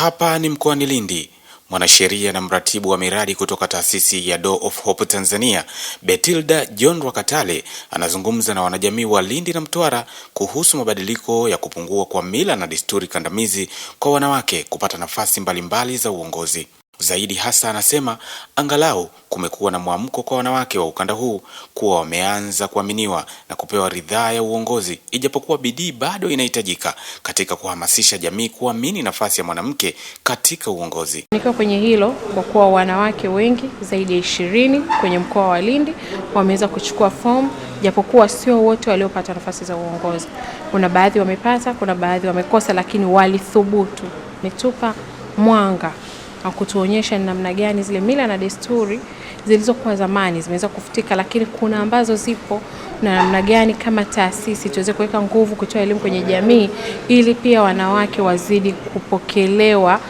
Hapa ni mkoani Lindi. Mwanasheria na mratibu wa miradi kutoka taasisi ya Door of Hope Tanzania, Betilda John Rwakatale anazungumza na wanajamii wa Lindi na Mtwara kuhusu mabadiliko ya kupungua kwa mila na desturi kandamizi kwa wanawake kupata nafasi mbalimbali za uongozi. Zaidi hasa anasema angalau kumekuwa na mwamko kwa wanawake wa ukanda huu kuwa wameanza kuaminiwa na kupewa ridhaa ya uongozi, ijapokuwa bidii bado inahitajika katika kuhamasisha jamii kuamini nafasi ya mwanamke katika uongozi. Nikiwa kwenye hilo, kwa kuwa wanawake wengi zaidi ya ishirini kwenye mkoa wa Lindi wameweza kuchukua fomu, japokuwa sio wote waliopata nafasi za uongozi. Kuna baadhi wamepata, kuna baadhi wamekosa, lakini walithubutu. Nitupa mwanga na kutuonyesha ni namna gani zile mila na desturi zilizokuwa zamani zimeweza kufutika, lakini kuna ambazo zipo na namna gani kama taasisi tuweze kuweka nguvu kutoa elimu kwenye jamii ili pia wanawake wazidi kupokelewa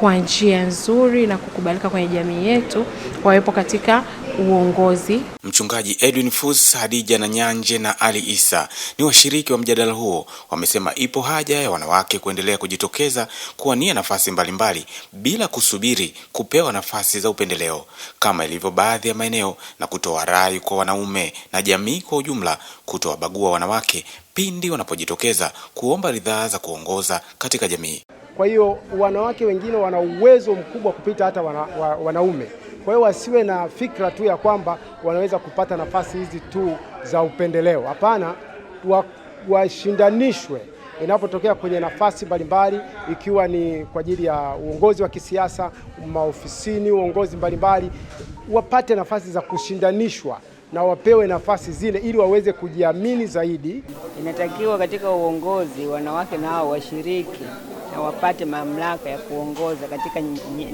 kwa njia nzuri na kukubalika kwenye jamii yetu wawepo katika uongozi. Mchungaji Edwin Fus, Hadija na Nyanje na Ali Isa ni washiriki wa mjadala huo, wamesema ipo haja ya wanawake kuendelea kujitokeza kuwania nafasi mbalimbali bila kusubiri kupewa nafasi za upendeleo kama ilivyo baadhi ya maeneo, na kutoa rai kwa wanaume na jamii kwa ujumla kutowabagua wanawake pindi wanapojitokeza kuomba ridhaa za kuongoza katika jamii. Kwa hiyo wanawake wengine wana uwezo mkubwa kupita hata wana, wa, wanaume. Kwa hiyo wasiwe na fikra tu ya kwamba wanaweza kupata nafasi hizi tu za upendeleo. Hapana, washindanishwe wa inapotokea kwenye nafasi mbalimbali ikiwa ni kwa ajili ya uongozi wa kisiasa, maofisini, uongozi mbalimbali, wapate nafasi za kushindanishwa na wapewe nafasi zile ili waweze kujiamini zaidi. Inatakiwa katika uongozi wanawake nao washiriki wapate mamlaka ya kuongoza katika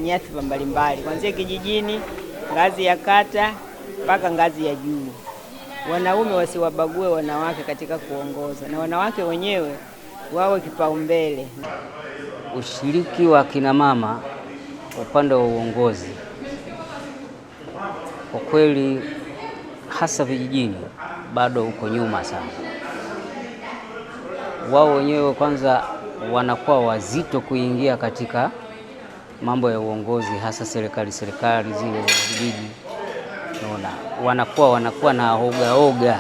nyadhifa mbalimbali, kuanzia kijijini, ngazi ya kata mpaka ngazi ya juu. Wanaume wasiwabague wanawake katika kuongoza, na wanawake wenyewe wawe kipaumbele. Ushiriki wa kina mama upande wa uongozi kwa kweli, hasa vijijini, bado uko nyuma sana. Wao wenyewe kwanza wanakuwa wazito kuingia katika mambo ya uongozi, hasa serikali serikali zile za vijiji, naona wanakuwa wanakuwa na ogaoga,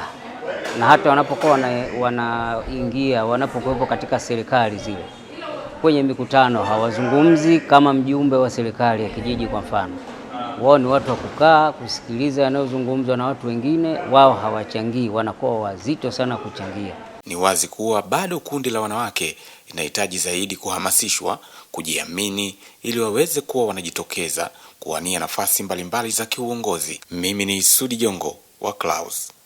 na hata wanapokuwa wanaingia wana wanapokuwepo katika serikali zile kwenye mikutano hawazungumzi kama mjumbe wa serikali ya kijiji. Kwa mfano, wao ni watu wa kukaa kusikiliza yanayozungumzwa na watu wengine, wao hawachangii, wanakuwa wazito sana kuchangia ni wazi kuwa bado kundi la wanawake linahitaji zaidi kuhamasishwa kujiamini, ili waweze kuwa wanajitokeza kuwania nafasi mbalimbali za kiuongozi. Mimi ni Sudi Jongo wa claus